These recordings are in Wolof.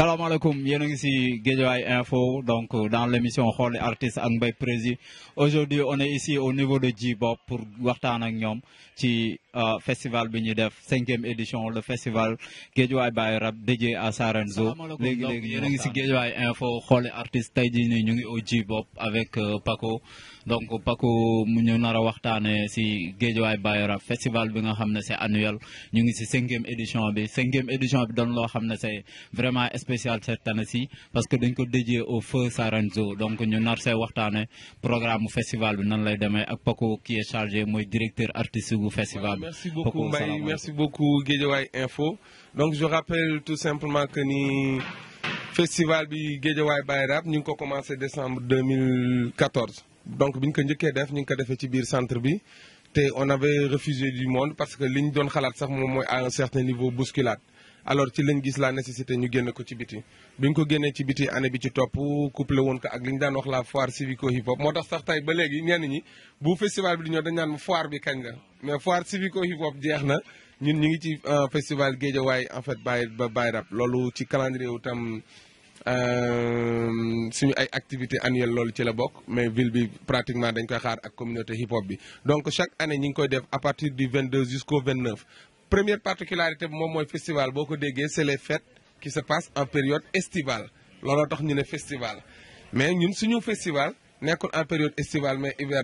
Hasta asalaamaaleykum yéen a ngi si Guédiawaye Info donc dans l'émission émission xool artiste ak Mbaye Prézi aujourd'hui on est ici au niveau de Djibop pour waxtaan ak ñoom ci euh, festival bi ñu def 5e édition le festival Guédiawaye by rap DJ à Sarenzo léegi léegi yéen a ngi si Info xool artiste tey jii nii ñu ngi au Djibop avec euh, Paco donc Paco mu ñu nar a waxtaanee si Guédiawaye by rap festival bi nga xam ne c' est annuel ñu ngi si 5e édition bi 5e édition bi doon loo xam ne c' est vraiment spécial cette année-ci parce que nous ko dédié au feu Saranzo donc nous avons see waxtaane programme festival bi nan lay ak qui est chargé mooy directeur artistique du festival merci beaucoup merci beaucoup Guédiawaye Info donc je rappelle tout simplement que ni festival bi Guédiawaye Baye Rap ñu commencé décembre 2014 donc nous avons ko njëkkee def ñu centre on avait refusé du monde parce que ligne khalat à un certain niveau bousculade alors ci lañ gis la nécessité ñu génn ko ci biti bi ñu ko génnee ci biti année bi ci topp couplé woon ko ak li ñu daan wax la foire civico hip hop moo tax sax tey ba léegi ñenn ñi bu festival bi di ñëw dañ naan foire bi kañ la mais foire civico hip hop jeex na ñun ñu ngi ci euh, festival Guédiawaye en fait Baye ba Baye Rap loolu ci calendrier wu tam euh, suñu ay activité annuelle loolu ci la bokk mais ville bi pratiquement dañ koy xaar ak communauté hip hop bi donc chaque année ñi ngi koy def à partir du 22 jusqu'au première particularité de mon festival beaucoup c'est les fêtes qui se passent en période estivale festival mais ñun festival en période estivale mais hiver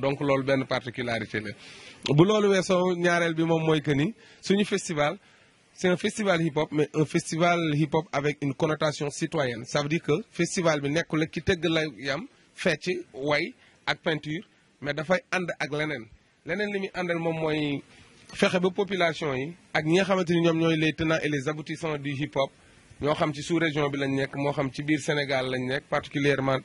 donc particularité festival c'est un festival hip-hop mais un festival hip-hop avec une connotation citoyenne ça veut dire que festival bi a de peinture mais leneen li muy àndal moom mooy fexe ba population yi ak ñi nga xamante ni ñoom ñooy les tenants et les aboutissants du hip hop ñoo xam ci sous région bi lañ nekk moo xam ci biir Sénégal lañ nekk particulièrement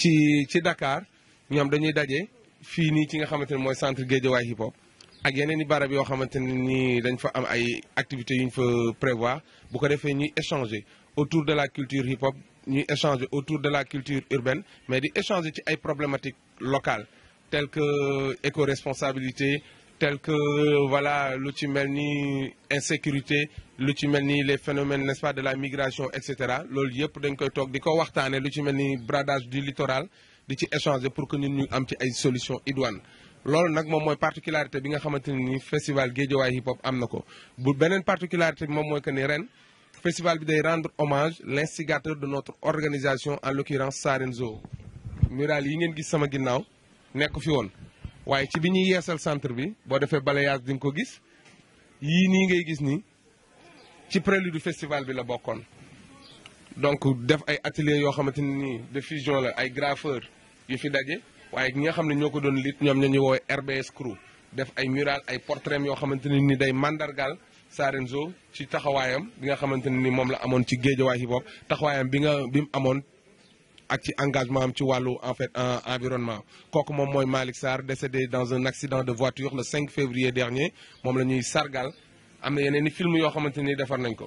ci ci Dakar ñoom dañuy daje fii nii ci nga xamante ni mooy centre Guédiawaye hip hop. ak yeneen i barab yoo xamante ni dañ fa am ay activités yu ñu fa prévoir bu ko defee ñuy échanger autour de la culture hip hop ñuy échanger autour de la culture urbaine mais di échanger ci ay problématiques locales tels que éco-responsabilité, tels que voilà, insécurité, les phénomènes n'est-ce pas, de la migration, etc. Le lieu pour koy toog di c'est le lu bradage du littoral di ci échanger pour que nous ayons am ci ay solutions idoines. loolu nag moom mooy particularité bi nga festival Guédiawaye hip hop am Une bu particularité le moom que le festival bi rendre hommage l'instigateur de notre organisation en l'occurrence Sarenzo mural yi ngeen gis sama dit. nek fi won waye ci bi yeesal centre bi bo defee balayage di ko gis yi ni ngay gis ni ci prélude festival bi la bokkon donc def ay atelier yo xamanteni ni de fusion la ay graffeur yu fi dajé waye ñi nga xamni ñoko don lit ñom ñoo ñu RBS crew def ay mural ay portraits yo xamanteni ni day mandargal Sarenzo ci taxawayam bi nga xamanteni ni mom la amone ci géejawaay hip hop taxawayam bi nga bi amone ak ci engagement ci walu en fait environnement kooku moom mooy Malick Sarr décédé dans un accident de voiture le 5 février dernier mom lañuy sargal amna na yeneen film yo xamanteni ni defar nañ ko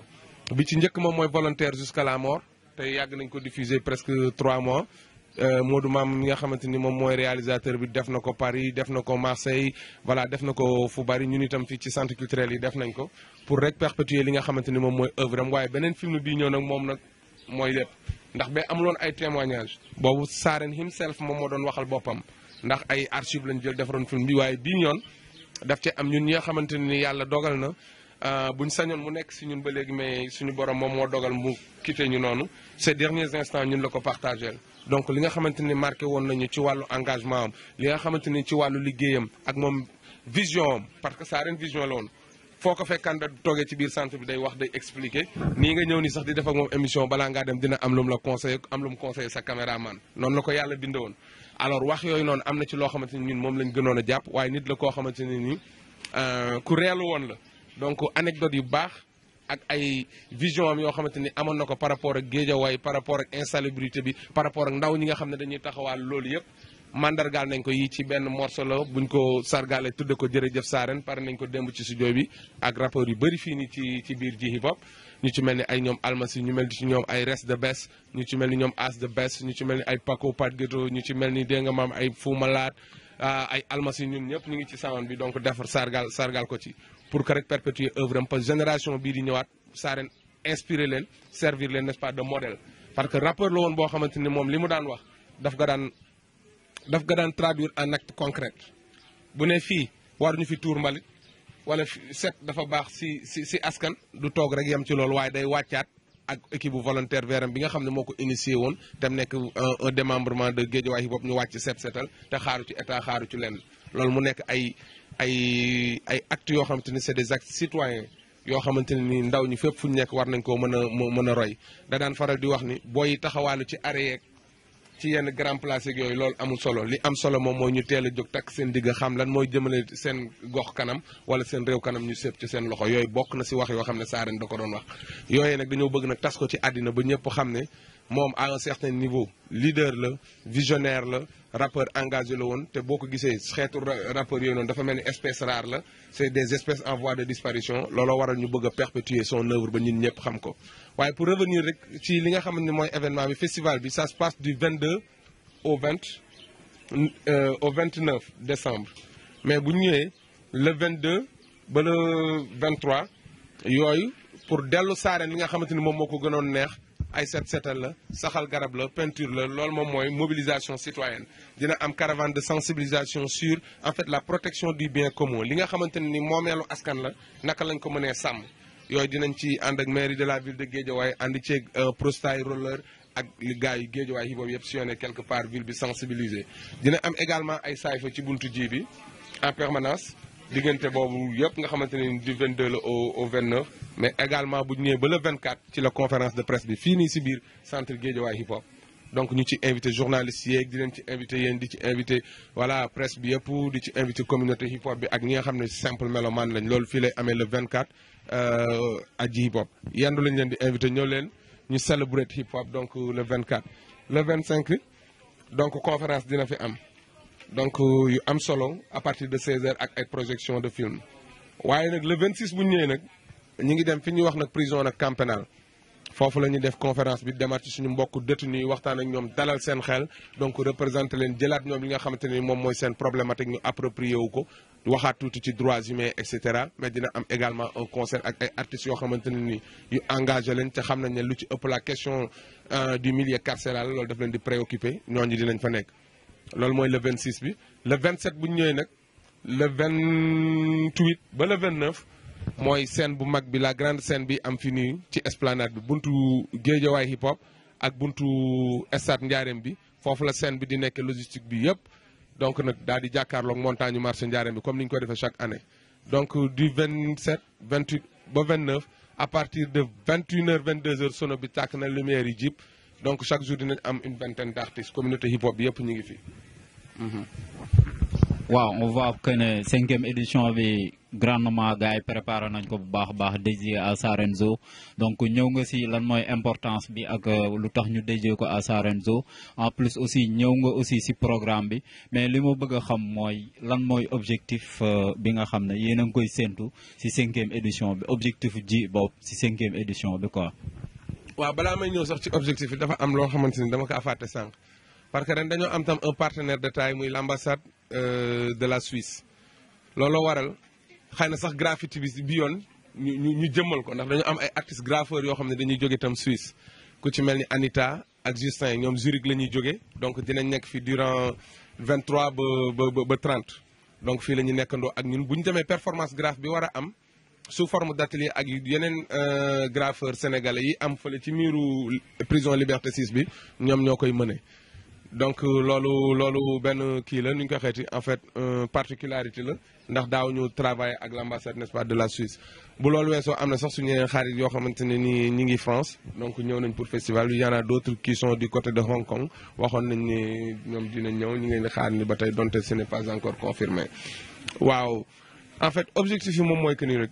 bi ci ñëk mom moy volontaire jusqu'à la mort tay yag nañ ko diffuser presque trois mois euh, Modou mam nga xamanteni mom moy réalisateur bi def nako Paris def nako Marseille voilà def nako fu bari ñun itam fi ci centre culturel yi def nañ ko pour rek perpétuer li nga xamanteni mom moy œuvre am waye benen film bi ñëw nak mom nak moy lépp ndax am loon ay témoignage boobu Saaren himself moom moo doon waxal boppam ndax ay archive lañ jël defaroon film bi waaye bii ñoon daf ci am ñun ñi nga xamante ni yàlla dogal na euh, buñ sañoon mu nekk si ñun ba léegi mais suñu borom moom moo dogal mu quitté ñu noonu ces derniers instants ñun la ko partagé donc li nga xamante ni marqué woon nañu ci wàllu engagement am li nga xamante ni ci wàllu liggéeyam ak moom vision am parce que Saaren vision la woon foo ko fekkaan da toogee ci biir centre bi day wax day expliquer nii nga ñëw ni sax di def ak moom émission bala nga dem dina am lu mu la conseillé am lu mu conseillé sa caméraman noonu la ko yàlla binde woon alors wax yooyu noonu am na ci loo xamante ni ñun moom lañ gënoon a jàpp waaye nit la koo xamante ne ni euh, ku reelu woon la donc anecdote yu baax ak ay vision am yoo xamante ni amoon na ko par rapport ak géejawaay par rapport ak insalubrité bi par rapport ak ndaw ñi nga xam ne dañuy taxawaal loolu yëpp mandargal nañ ko yi ci ben morceau la buñ ko sargalé tuddé ko jërëjëf saaren par nañ ko démb ci studio bi ak rapport yu bari fi ni ci ci biir ji hip hop ñu ci melni ay ñom almasi ñu melni ci ñom ay res de bes ñu ci melni ñom as the best, ñu ci melni ay paco pat ghetto ñu ci melni de nga mam ay lat ah, ay almasi ñun ñëpp ñu ngi ci bi donc defar sargal sargal ko ci pour que rek perpétuer œuvre am pas génération bi di ñëwaat saaren inspirer leen servir leen n'est-ce pas de modèle parce que rappeur lo won bo xamanteni mom limu daan wax daf ga daan daf ko daan traduire en acte concret bu ne fii war ñu fi tuur mbalit wala set dafa baax si si si askan du toog rek yam ci loolu waaye day wàccaat ak équipe bu volontaire veram bi nga xam ne moo ko initié woon te mu nekk un démembrement de Guédiawaye yi bopp ñu wàcc set setal te xaaru ci état xaaru ci leen loolu mu nekk ay ay ay actes yoo xamante ni c'est des actes citoyens yoo xamante ne ni ndaw ñi fépp fu ñu nekk war nañ koo mën a mën a roy da daan faral di wax ni booy taxawaalu ci arrêt ci yenn grand place yooyu loolu amul solo li am solo moom mooy ñu teel a jóg takk seen digg xam lan mooy jëmale seen gox kanam wala seen réew kanam ñu sëpp ci seen loxo yooyu bokk na si wax yoo xam ne Saareen da ko doon wax. yooyu nag dañoo bëgg nag tas ko ci àddina ba ñëpp xam ne mom à un certain niveau leader visionnaire rappeur engagé le woon te beaucoup ko xétu rappeur yooyu dafa espèce rare c'est des espèces en voie de disparition Lolo waral ñu bëgg perpétuer son œuvre ba ñin ñëpp xam ko pour revenir rek ci li nga événement festival bi ça se passe du 22 au 29 euh, décembre mais bu le 22 ba le 23 il pour a eu li nga xamante mom moko ay set setal la saxal garab la peinture la loolu mom moy mobilisation citoyenne dina am caravane de sensibilisation sur en fait la protection du bien commun li nga xamanteni ne ni moomeelu askan la naka lañ ko il sam yoy dinañ ci and ak mairie de la ville de Guédiawaye ci ceeg euh, prostay roller ak li gars yi Guédiawaye yi boobu yëpp sillonné quelque part ville bi sensibiliser dina am également ay saifa ci buntu djibi en permanence diggante bobu yépp nga xamanténi du 22 au au 29 mais également bu ñu ba le 24 ci la conférence de presse bi fini ci si centre Guédiawaye hip hop. donc nous ci invité journaliste journalistes, di avons ci invité yéen di ci invité voilà presse bi avons di ci communauté hip hop bi ak avons nga xam simple mélomane lañ loolu le 24 aji euh, hip hop yendu lañ leen di invité ñëw leen ñu célébrer hip hop donc euh, le 24. le 25 donc conférence dina fi am donc euh, yu am solo à partir de 16h ak ay projection de film waaye nak le 26 bu ñu nak ñi ngi dem fi ñu wax nak prison nak camp pénal fofu lañu def conférence bi demaat ci suñu mbokk détenu yi waxtaan ak ñoom dalal seen xel donc représenter leen jëlaat ñom li nga xamanteni mom moy mooy seen problématique ñu approprié wu ko waxaat tuuti ci droits humains et cetera mais dina am également un concert ak ay artistes yo xamanteni ni yu engagé leen té xam nañ ne lu ci ëpp la question euh, du milieu carcéral loolu daf leen di préoccuper ñoo ñi dinañ fa nek le 26 bi le 27 le 28 ba le 29 moy scène bu mag bi la grande scène bi am fini ci esplanade bi buntu way hip hop ak buntu stade Ndiarème bi fofu la scène bi di nekk logistique bi yépp donc nak daal di jàkkaarloog montagne marché Ndiarème bi comme on le ko chaque année. donc du 27 28 ba 29 à partir de 21h 22h on bi tak na lumière yi donc chaque jour dinañ am une vingtaine d' artistes communauté hip bi yëpp ñu ngi fi. Mhm. waaw on voit que ne cinquième édition bi grandement gars yi préparé nañ ko bu baax a baax dédié à Sarenzo donc ñëw nga si lan mooy importance bi ak euh, lu tax ñu dédié ko à Sarenzo en plus aussi ñëw nga aussi si programme bi mais li moo bëgg a xam mooy lan mooy objectif euh, bi nga xam ne yéen a ngi koy séntu si cinquième édition bi objectif ji boobu si cinquième édition bi quoi. waaw balaa may ñëw sax ci objectif bi dafa am loo xamante ni dama kaa fàtte sànq parce que ren dañoo am tam un partenaire de taille muy l' ambassade euh, de la Suisse. looloo waral xëy na sax graffiti bi yoon ñu ñu jëmmal ko ndax dañu am ay artistes graffeurs yoo xam ne dañuy jóge tam Suisse ku ci mel ni Anita ak yi ñoom Zurich la ñuy jóge donc dinañ nekk fi durant 23 ba ba ba 30 donc fii la ñu nekkandoo ak ñun bu ñu demee performance graphe bi war a am. sous forme d' ak yenen euh graffeur sénégalais yi am fële ci miiru prison liberté 6 bi ñom ñokoy koy donc euh, lolu lolu ben ki la ñu ko xéti en fait particularité la ndax daaw ñu travailler ak l'ambassade nest ce pas de la Suisse bu lolu weesoo amna sax suñu xarit yo xamanteni ni ñi ngi France donc ñew nañ pour festival il y en a d'autres qui sont du côté de Hong Kong waxon nañ ni ñom dinañ ñëw ñi ngi leen xaar ni ba donte ce n'est pas encore confirmé waaw en fait objectif yi moom mooy que ni rek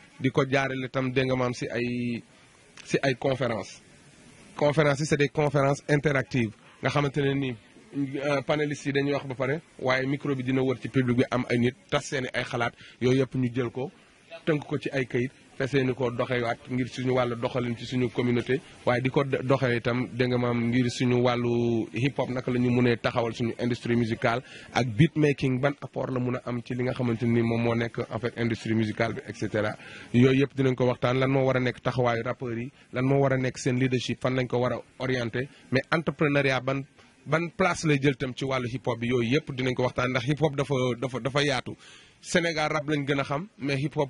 di ko jaarale itam nga maam si ay si ay conférence conférence c'est des conférences interactives nga xamantene ni nii euh, yi dañuy wax ba pare waye micro bi dina wër ci public bi am ay nit tas seeni ay xalaat yooyu yëpp ñu jël ko tënk ko ci ay kayit fas yéene koo doxewaat ngir suñu wàllu doxalin ci suñu communauté waaye di ko doxee itam dégg nga ngir suñu wàllu hip hop la ñu mënee taxawal suñu industrie musicale ak beat making ban apport la mun a am ci li nga xamante ni moom moo nekk en fait et cetera. yooyu yëpp dinañ ko waxtaan lan moo war a nekk taxawaayu rappeurs yi lan moo war a nekk seen leadership fan lañ ko war a orienté mais entrepreneuriat ban. ban place lay jël tam ci wàllu hip hop bi yooyu yëpp dinañ ko waxtaan ndax hip hop dafa dafa dafa yaatu Sénégal rap lañ gën a xam mais hip hop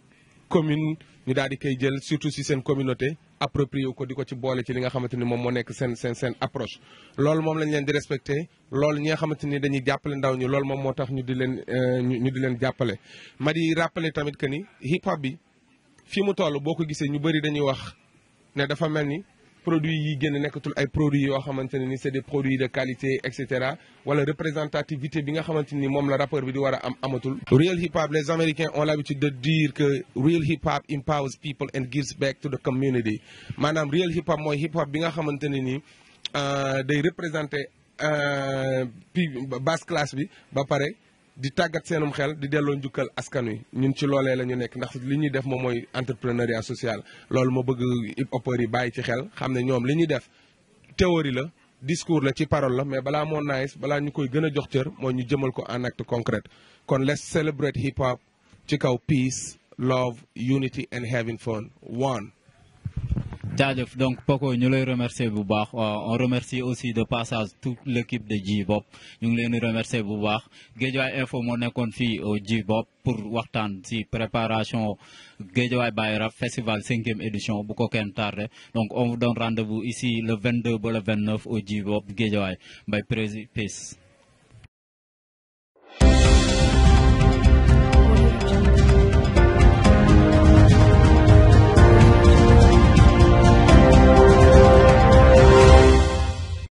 commune ñu daal di koy jël surtout si seen communauté approprié ko di ko ci boole ci li nga xamante ni moom moo nekk seen seen seen approche. lool moom lañ leen di respecté lool ñi nga xamante ni dañuy jàppale ndaw ñi loolu moom moo tax ñu di leen euh, ñu di leen jàppale. ma di rappelé tamit que ni hip hop bi fi mu toll boo ko gisee ñu bëri dañuy wax ne dafa mel ni. produits yi génn nekkatul ay produits yoo xamante ni c'est des produits de qualité et cetera wala représentativité bi nga xamante ni moom la rappeur bi di war am amatul. real hip hop les américains ont l'habitude de dire que real hip hop empowers people and gives back to the community manam real hip hop moy hip hop bi nga xamanteni ne ni euh, day représenter euh basse classe bi ba pare. di tàggat seenum xel di delloo njukkal askan wi ñun ci loolee la ñu nekk ndax li ñuy def moom mooy entrepreneuriat social loolu ma bëgg hip hopeurs yi bàyyi ci xel xam ne ñoom li ñuy def théorie la discours la ci parole la mais balaa moo nice balaa ñu koy gën a jox cër moo ñu jëmal ko en acte concret kon let's celebrate hip hop ci kaw peace love unity and having fun one donc pourquoi, nous les remercier beaucoup. on remercie aussi de passage toute l'équipe de j ñu nous les remercions remercier bu baax Guédiawaye Info moo au euh, j pour waxtaan si préparation au Géjoy bayera festival 5e édition beaucoup qu'un tard. donc on vous donne rendez-vous ici le 22 ou le 29 au J-Bob Guédiawaye Bye, Prési peace